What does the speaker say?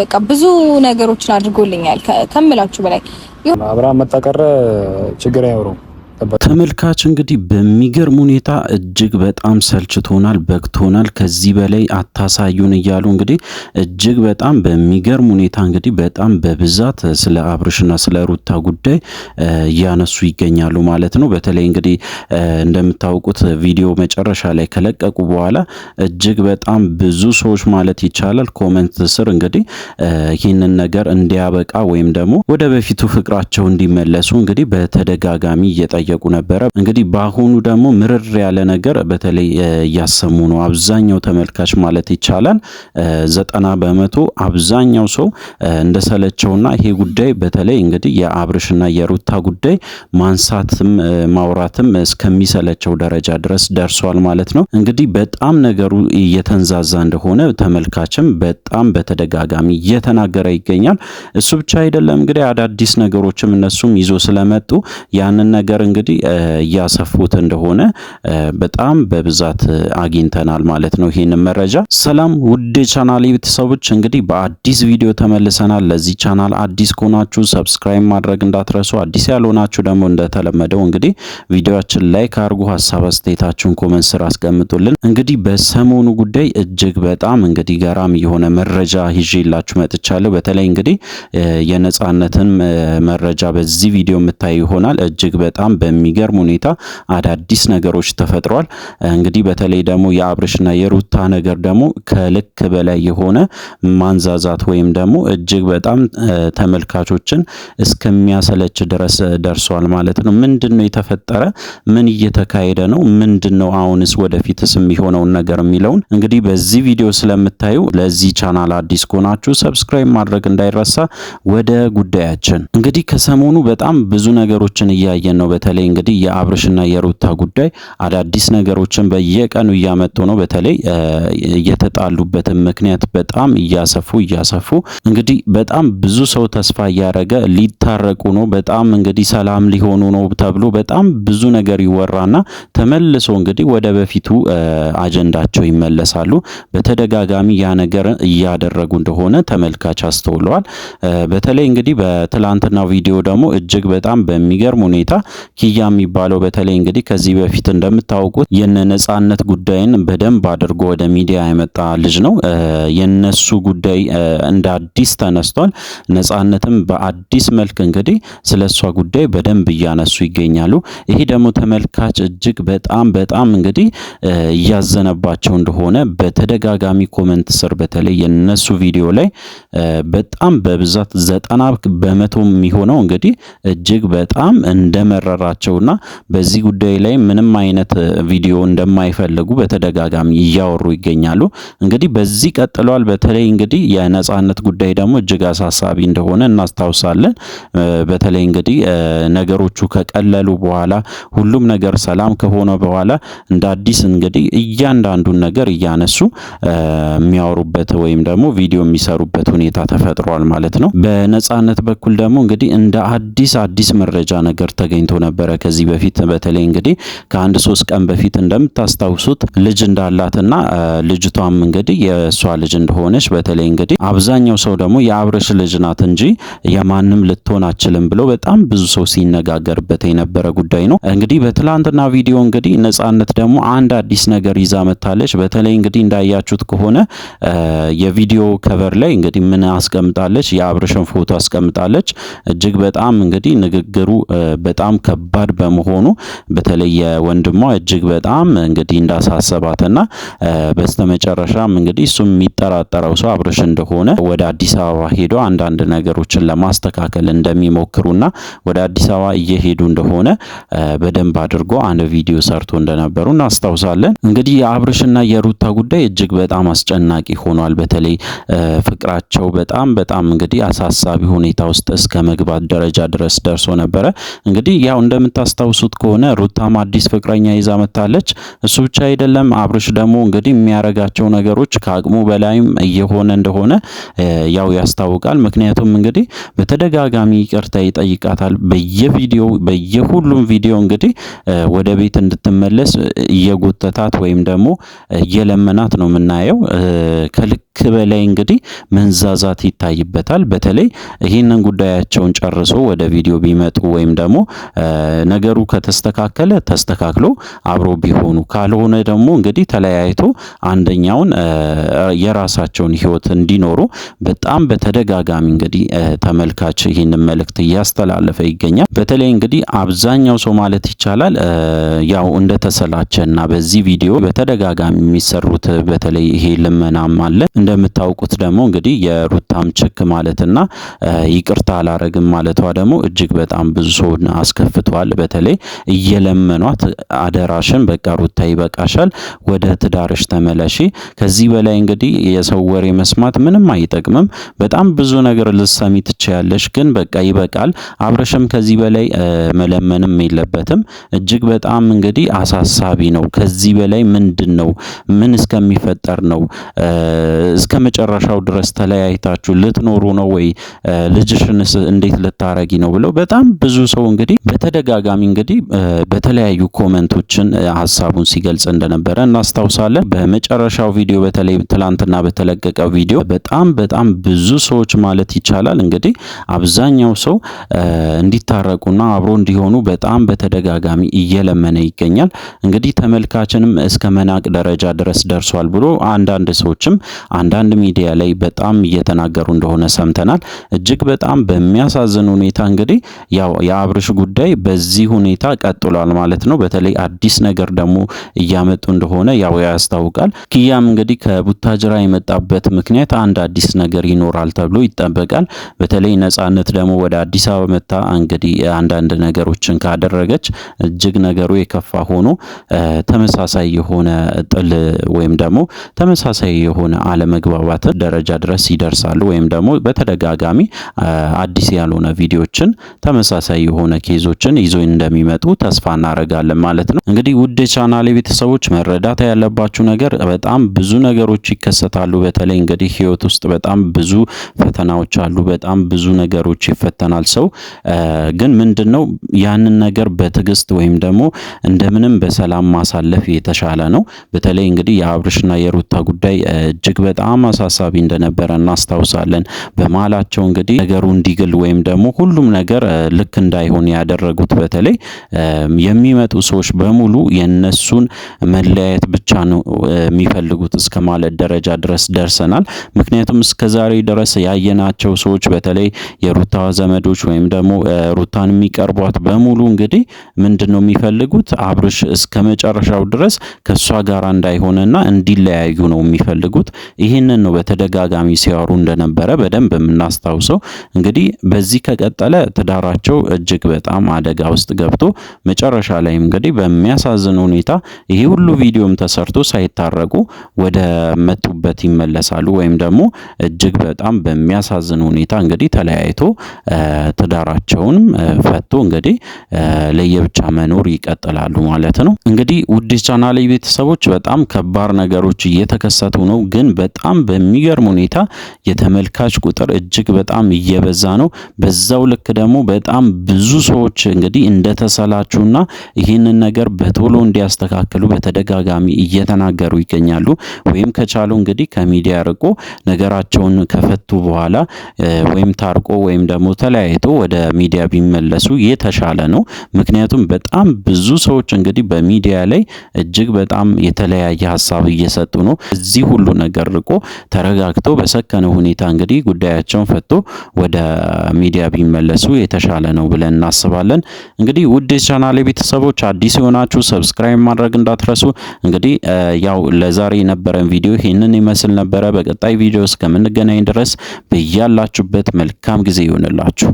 በቃ ብዙ ነገሮችን አድርጎልኛል ከምላችሁ በላይ አብርሃም መጣ ቀረ ችግር አይኖረውም። ተመልካች እንግዲህ በሚገርም ሁኔታ እጅግ በጣም ሰልችቶናል፣ በግቶናል፣ ከዚህ በላይ አታሳዩን እያሉ እንግዲህ እጅግ በጣም በሚገርም ሁኔታ እንግዲህ በጣም በብዛት ስለ አብርሽና ስለ ሩታ ጉዳይ እያነሱ ይገኛሉ ማለት ነው። በተለይ እንግዲህ እንደምታውቁት ቪዲዮ መጨረሻ ላይ ከለቀቁ በኋላ እጅግ በጣም ብዙ ሰዎች ማለት ይቻላል ኮመንት ስር እንግዲህ ይህንን ነገር እንዲያበቃ ወይም ደግሞ ወደ በፊቱ ፍቅራቸው እንዲመለሱ እንግዲህ በተደጋጋሚ እየጠየቁ እየጠየቁ ነበረ። እንግዲህ በአሁኑ ደግሞ ምርር ያለ ነገር በተለይ እያሰሙ ነው። አብዛኛው ተመልካች ማለት ይቻላል ዘጠና በመቶ አብዛኛው ሰው እንደሰለቸውና ይሄ ጉዳይ በተለይ እንግዲህ የአብርሽና የሩታ ጉዳይ ማንሳትም ማውራትም እስከሚሰለቸው ደረጃ ድረስ ደርሷል ማለት ነው። እንግዲህ በጣም ነገሩ እየተንዛዛ እንደሆነ ተመልካችም በጣም በተደጋጋሚ እየተናገረ ይገኛል። እሱ ብቻ አይደለም እንግዲህ አዳዲስ ነገሮችም እነሱም ይዞ ስለመጡ ያንን ነገር እንግዲህ እንግዲህ እያሰፉት እንደሆነ በጣም በብዛት አግኝተናል ማለት ነው ይህንን መረጃ። ሰላም ውድ ቻናል ቤተሰቦች እንግዲህ በአዲስ ቪዲዮ ተመልሰናል። ለዚህ ቻናል አዲስ ከሆናችሁ ሰብስክራይብ ማድረግ እንዳትረሱ፣ አዲስ ያልሆናችሁ ደግሞ እንደተለመደው እንግዲህ ቪዲዮችን ላይክ አድርጉ፣ ሀሳብ አስተያየታችሁን ኮመንት ስር አስቀምጡልን። እንግዲህ በሰሞኑ ጉዳይ እጅግ በጣም እንግዲህ ገራሚ የሆነ መረጃ ይዤላችሁ መጥቻለሁ። በተለይ እንግዲህ የነጻነትን መረጃ በዚህ ቪዲዮ የምታይ ይሆናል። እጅግ በጣም በሚገርም ሁኔታ አዳዲስ ነገሮች ተፈጥሯል። እንግዲህ በተለይ ደግሞ የአብርሽና የሩታ ነገር ደግሞ ከልክ በላይ የሆነ ማንዛዛት ወይም ደግሞ እጅግ በጣም ተመልካቾችን እስከሚያሰለች ድረስ ደርሷል ማለት ነው። ምንድን ነው የተፈጠረ? ምን እየተካሄደ ነው? ምንድን ነው አሁንስ ወደፊትስ የሚሆነውን ነገር የሚለውን እንግዲህ በዚህ ቪዲዮ ስለምታዩ ለዚህ ቻናል አዲስ ከሆናችሁ ሰብስክራይብ ማድረግ እንዳይረሳ። ወደ ጉዳያችን እንግዲህ ከሰሞኑ በጣም ብዙ ነገሮችን እያየን ነው። በተለይ በተለይ እንግዲህ የአብርሽና የሩታ ጉዳይ አዳዲስ ነገሮችን በየቀኑ እያመጡ ነው። በተለይ እየተጣሉበትን ምክንያት በጣም እያሰፉ እያሰፉ እንግዲህ በጣም ብዙ ሰው ተስፋ እያደረገ ሊታረቁ ነው፣ በጣም እንግዲህ ሰላም ሊሆኑ ነው ተብሎ በጣም ብዙ ነገር ይወራና ተመልሶ እንግዲህ ወደ በፊቱ አጀንዳቸው ይመለሳሉ። በተደጋጋሚ ያ ነገር እያደረጉ እንደሆነ ተመልካች አስተውለዋል። በተለይ እንግዲህ በትላንትና ቪዲዮ ደግሞ እጅግ በጣም በሚገርም ሁኔታ ኪያ የሚባለው በተለይ እንግዲህ ከዚህ በፊት እንደምታውቁት የነ ነጻነት ጉዳይን በደንብ አድርጎ ወደ ሚዲያ የመጣ ልጅ ነው። የነሱ ጉዳይ እንደ አዲስ ተነስቷል። ነጻነትም በአዲስ መልክ እንግዲህ ስለ እሷ ጉዳይ በደንብ እያነሱ ይገኛሉ። ይሄ ደግሞ ተመልካች እጅግ በጣም በጣም እንግዲህ እያዘነባቸው እንደሆነ በተደጋጋሚ ኮመንት ስር በተለይ የነሱ ቪዲዮ ላይ በጣም በብዛት ዘጠና በመቶ የሚሆነው እንግዲህ እጅግ በጣም እንደመረራ መኖራቸውና በዚህ ጉዳይ ላይ ምንም አይነት ቪዲዮ እንደማይፈልጉ በተደጋጋሚ እያወሩ ይገኛሉ። እንግዲህ በዚህ ቀጥለዋል። በተለይ እንግዲህ የነጻነት ጉዳይ ደግሞ እጅግ አሳሳቢ እንደሆነ እናስታውሳለን። በተለይ እንግዲህ ነገሮቹ ከቀለሉ በኋላ ሁሉም ነገር ሰላም ከሆነ በኋላ እንደ አዲስ እንግዲህ እያንዳንዱን ነገር እያነሱ የሚያወሩበት ወይም ደግሞ ቪዲዮ የሚሰሩበት ሁኔታ ተፈጥሯል ማለት ነው። በነጻነት በኩል ደግሞ እንግዲህ እንደ አዲስ አዲስ መረጃ ነገር ተገኝቶ ነበር። ነበረ። ከዚህ በፊት በተለይ እንግዲህ ከአንድ ሶስት ቀን በፊት እንደምታስታውሱት ልጅ እንዳላትና ልጅቷም እንግዲህ የእሷ ልጅ እንደሆነች በተለይ እንግዲህ አብዛኛው ሰው ደግሞ የአብርሽ ልጅ ናት እንጂ የማንም ልትሆን አችልም ብሎ በጣም ብዙ ሰው ሲነጋገርበት የነበረ ጉዳይ ነው። እንግዲህ በትላንትና ቪዲዮ እንግዲህ ነጻነት ደግሞ አንድ አዲስ ነገር ይዛ መታለች። በተለይ እንግዲህ እንዳያችሁት ከሆነ የቪዲዮ ከቨር ላይ እንግዲህ ምን አስቀምጣለች? የአብርሽን ፎቶ አስቀምጣለች። እጅግ በጣም እንግዲህ ንግግሩ በጣም ከ ከባድ በመሆኑ በተለይ ወንድሟ እጅግ በጣም እንግዲህ እንዳሳሰባትና በስተመጨረሻም እንግዲህ እሱም የሚጠራጠረው ሰው አብርሽ እንደሆነ ወደ አዲስ አበባ ሄዶ አንዳንድ ነገሮችን ለማስተካከል እንደሚሞክሩና ወደ አዲስ አበባ እየሄዱ እንደሆነ በደንብ አድርጎ አንድ ቪዲዮ ሰርቶ እንደነበሩ እናስታውሳለን። እንግዲህ የአብርሽና የሩታ ጉዳይ እጅግ በጣም አስጨናቂ ሆኗል። በተለይ ፍቅራቸው በጣም በጣም እንግዲህ አሳሳቢ ሁኔታ ውስጥ እስከ መግባት ደረጃ ድረስ ደርሶ ነበረ እንግዲህ ያው እንደ እንደምታስታውሱት ከሆነ ሩታም አዲስ ፍቅረኛ ይዛ መታለች። እሱ ብቻ አይደለም አብርሽ ደግሞ እንግዲህ የሚያረጋቸው ነገሮች ከአቅሙ በላይም እየሆነ እንደሆነ ያው ያስታውቃል። ምክንያቱም እንግዲህ በተደጋጋሚ ይቅርታ ይጠይቃታል። በየቪዲዮ በየሁሉም ቪዲዮ እንግዲህ ወደ ቤት እንድትመለስ እየጎተታት ወይም ደግሞ እየለመናት ነው የምናየው ከልክ ልክ በላይ እንግዲህ መንዛዛት ይታይበታል። በተለይ ይህንን ጉዳያቸውን ጨርሶ ወደ ቪዲዮ ቢመጡ ወይም ደግሞ ነገሩ ከተስተካከለ ተስተካክሎ አብሮ ቢሆኑ፣ ካልሆነ ደግሞ እንግዲህ ተለያይቶ አንደኛውን የራሳቸውን ህይወት እንዲኖሩ በጣም በተደጋጋሚ እንግዲህ ተመልካች ይህንን መልእክት እያስተላለፈ ይገኛል። በተለይ እንግዲህ አብዛኛው ሰው ማለት ይቻላል ያው እንደተሰላቸ እና በዚህ ቪዲዮ በተደጋጋሚ የሚሰሩት በተለይ ይሄ ልመናም አለ እንደምታውቁት ደግሞ እንግዲህ የሩታም ችክ ማለትና ይቅርታ አላረግም ማለቷ ደግሞ እጅግ በጣም ብዙ ሰውን አስከፍቷል። በተለይ እየለመኗት አደራሽን በቃ ሩታ ይበቃሻል፣ ወደ ትዳርሽ ተመለሺ። ከዚህ በላይ እንግዲህ የሰው ወሬ መስማት ምንም አይጠቅምም። በጣም ብዙ ነገር ልሰሚ ትችያለሽ፣ ግን በቃ ይበቃል። አብረሽም ከዚህ በላይ መለመንም የለበትም። እጅግ በጣም እንግዲህ አሳሳቢ ነው። ከዚህ በላይ ምንድን ነው ምን እስከሚፈጠር ነው እስከ መጨረሻው ድረስ ተለያይታችሁ ልትኖሩ ነው ወይ? ልጅሽንስ እንዴት ልታረጊ ነው ብለው በጣም ብዙ ሰው እንግዲህ በተደጋጋሚ እንግዲህ በተለያዩ ኮመንቶችን ሀሳቡን ሲገልጽ እንደነበረ እናስታውሳለን። በመጨረሻው ቪዲዮ በተለይ ትላንትና በተለቀቀው ቪዲዮ በጣም በጣም ብዙ ሰዎች ማለት ይቻላል እንግዲህ አብዛኛው ሰው እንዲታረቁና አብሮ እንዲሆኑ በጣም በተደጋጋሚ እየለመነ ይገኛል። እንግዲህ ተመልካችንም እስከ መናቅ ደረጃ ድረስ ደርሷል ብሎ አንዳንድ ሰዎችም አንዳንድ ሚዲያ ላይ በጣም እየተናገሩ እንደሆነ ሰምተናል። እጅግ በጣም በሚያሳዝን ሁኔታ እንግዲህ ያው የአብርሽ ጉዳይ በዚህ ሁኔታ ቀጥሏል ማለት ነው። በተለይ አዲስ ነገር ደግሞ እያመጡ እንደሆነ ያው ያስታውቃል። ኪያም እንግዲህ ከቡታጅራ የመጣበት ምክንያት አንድ አዲስ ነገር ይኖራል ተብሎ ይጠበቃል። በተለይ ነጻነት ደግሞ ወደ አዲስ አበባ መታ እንግዲህ አንዳንድ ነገሮችን ካደረገች እጅግ ነገሩ የከፋ ሆኖ ተመሳሳይ የሆነ ጥል ወይም ደግሞ ተመሳሳይ የሆነ አለም አለመግባባትን ደረጃ ድረስ ይደርሳሉ። ወይም ደግሞ በተደጋጋሚ አዲስ ያልሆነ ቪዲዮችን ተመሳሳይ የሆነ ኬዞችን ይዞ እንደሚመጡ ተስፋ እናደርጋለን ማለት ነው። እንግዲህ ውድ የቻናሌ ቤተሰቦች መረዳት ያለባችሁ ነገር በጣም ብዙ ነገሮች ይከሰታሉ። በተለይ እንግዲህ ህይወት ውስጥ በጣም ብዙ ፈተናዎች አሉ። በጣም ብዙ ነገሮች ይፈተናል ሰው ግን ምንድን ነው ያንን ነገር በትዕግስት ወይም ደግሞ እንደምንም በሰላም ማሳለፍ የተሻለ ነው። በተለይ እንግዲህ የአብርሽና የሩታ ጉዳይ እጅግ በጣም በጣም አሳሳቢ እንደነበረ እናስታውሳለን። በመሀላቸው እንግዲህ ነገሩ እንዲግል ወይም ደግሞ ሁሉም ነገር ልክ እንዳይሆን ያደረጉት በተለይ የሚመጡ ሰዎች በሙሉ የነሱን መለያየት ብቻ ነው የሚፈልጉት እስከ ማለት ደረጃ ድረስ ደርሰናል። ምክንያቱም እስከ ዛሬ ድረስ ያየናቸው ሰዎች በተለይ የሩታ ዘመዶች ወይም ደግሞ ሩታን የሚቀርቧት በሙሉ እንግዲህ ምንድን ነው የሚፈልጉት አብርሽ እስከ መጨረሻው ድረስ ከእሷ ጋር እንዳይሆነና እንዲለያዩ ነው የሚፈልጉት። ይሄ ይህንን ነው በተደጋጋሚ ሲያወሩ እንደነበረ በደንብ የምናስታውሰው። እንግዲህ በዚህ ከቀጠለ ትዳራቸው እጅግ በጣም አደጋ ውስጥ ገብቶ መጨረሻ ላይ እንግዲህ በሚያሳዝን ሁኔታ ይህ ሁሉ ቪዲዮም ተሰርቶ ሳይታረቁ ወደ መጡበት ይመለሳሉ ወይም ደግሞ እጅግ በጣም በሚያሳዝን ሁኔታ እንግዲህ ተለያይቶ ትዳራቸውን ፈቶ እንግዲህ ለየብቻ መኖር ይቀጥላሉ ማለት ነው። እንግዲህ ውድ ቻናሌ ቤተሰቦች በጣም ከባድ ነገሮች እየተከሰቱ ነው ግን በጣም በሚገርም ሁኔታ የተመልካች ቁጥር እጅግ በጣም እየበዛ ነው። በዛው ልክ ደግሞ በጣም ብዙ ሰዎች እንግዲህ እንደተሰላችሁና ይህንን ነገር በቶሎ እንዲያስተካክሉ በተደጋጋሚ እየተናገሩ ይገኛሉ። ወይም ከቻሉ እንግዲህ ከሚዲያ ርቆ ነገራቸውን ከፈቱ በኋላ ወይም ታርቆ ወይም ደግሞ ተለያይቶ ወደ ሚዲያ ቢመለሱ የተሻለ ነው። ምክንያቱም በጣም ብዙ ሰዎች እንግዲህ በሚዲያ ላይ እጅግ በጣም የተለያየ ሀሳብ እየሰጡ ነው። እዚህ ሁሉ ነገር አርቆ ተረጋግቶ በሰከነ ሁኔታ እንግዲህ ጉዳያቸውን ፈቶ ወደ ሚዲያ ቢመለሱ የተሻለ ነው ብለን እናስባለን። እንግዲህ ውድ ቻናል ቤተሰቦች አዲስ የሆናችሁ ሰብስክራይብ ማድረግ እንዳትረሱ። እንግዲህ ያው ለዛሬ የነበረን ቪዲዮ ይህንን ይመስል ነበረ። በቀጣይ ቪዲዮ እስከምንገናኝ ድረስ በያላችሁበት መልካም ጊዜ ይሆንላችሁ።